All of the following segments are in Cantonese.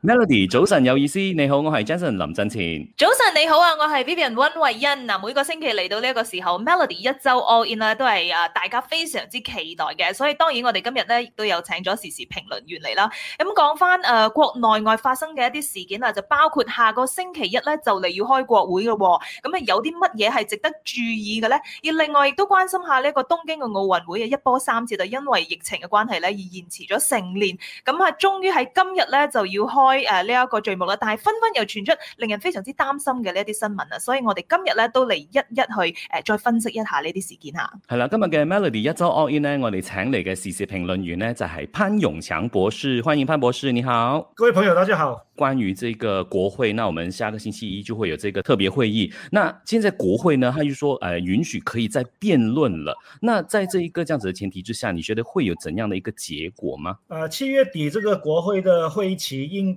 Melody，早晨有意思，你好，我係 Jason 林振前。早晨你好啊，我係 Vivian 溫慧欣。嗱，每個星期嚟到呢一個時候，Melody 一周 All In 啊，都係啊大家非常之期待嘅。所以當然我哋今日咧亦都有請咗時事評論員嚟啦。咁講翻誒國內外發生嘅一啲事件啊，就包括下個星期一咧就嚟要開國會嘅，咁啊有啲乜嘢係值得注意嘅咧？而另外亦都關心一下呢個東京嘅奧運會啊一波三折，就因為疫情嘅關係咧而延遲咗成年，咁啊終於喺今日咧就要開。誒呢一個序幕啦，但係紛紛又傳出令人非常之擔心嘅呢一啲新聞啊，所以我哋今日咧都嚟一一去誒、呃、再分析一下呢啲事件吓。係啦，今日嘅 Melody 一周 all in 咧，我哋請嚟嘅時事評論員呢，就係、是、潘永強博士。歡迎潘博士，你好。各位朋友，大家好。關於這個國會，那我們下個星期一就會有這個特別會議。那現在國會呢，他就說誒、呃、允許可以再辯論了。那在這一個這樣子的前提之下，你覺得會有怎樣的一個結果嗎？誒、呃，七月底這個國會的會議期應。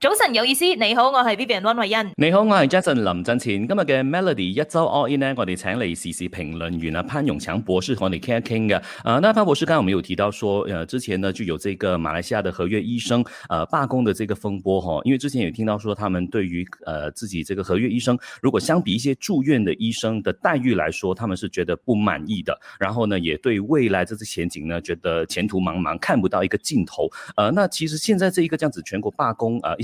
早晨有意思，你好，我係 Vivian 溫慧欣。你好，我係 Jason 林振前。今日嘅 Melody 一周 All In 呢，我哋請嚟時事評論員啊潘永強博士同你傾一傾嘅。啊、呃，那潘博士剛才我們有提到說，誒、呃、之前呢就有這個馬來西亞的合約醫生誒、呃、罷工的這個風波哈、呃，因為之前有聽到說，他們對於誒、呃、自己這個合約醫生，如果相比一些住院的醫生的待遇來說，他們是覺得不滿意的。然後呢，也對未來這次前景呢，覺得前途茫茫，看不到一個盡頭。誒、呃，那其實現在這一個這樣子全國罷工啊。呃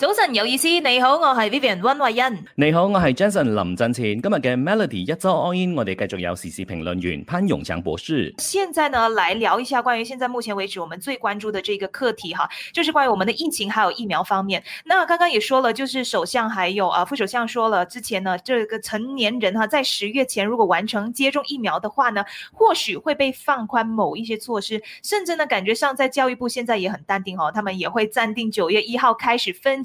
早晨有意思，你好，我係 Vivian 溫慧欣，你好，我係 Jason 林振前。今日嘅 Melody 一周 All In，我哋繼續有時事評論員潘永強博士。現在呢，來聊一下關於現在目前為止我們最關注的這個課題，哈，就是關於我們的疫情還有疫苗方面。那剛剛也說了，就是首相還有啊副首相說了，之前呢，這個成年人哈、啊，在十月前如果完成接種疫苗的話呢，或許會被放寬某一些措施，甚至呢，感覺上在教育部現在也很淡定哦、啊，他們也會暫定九月一號開始分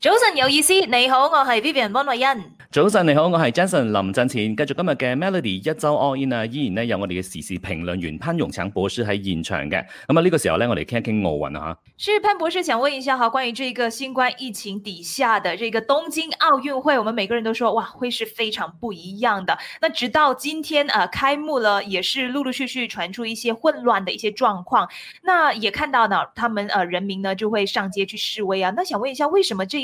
早晨有意思，你好，我係 Vivian 溫慧欣。早晨你好，我係 Jason 林振前。繼續今日嘅 Melody 一周 All In 啊，依然咧有我哋嘅時事評論員潘永強博士喺現場嘅。咁啊呢個時候咧，我哋傾一傾奧運啊吓。是潘博士想問一下吓，關於呢個新冠疫情底下的呢個東京奧運會，我們每個人都說哇，會是非常不一樣的。那直到今天啊，呃，開幕了，也是陸陸續續傳出一些混亂的一些狀況。那也看到呢，他們誒，呃，人民呢就會上街去示威啊。那想問一下，為什麼這？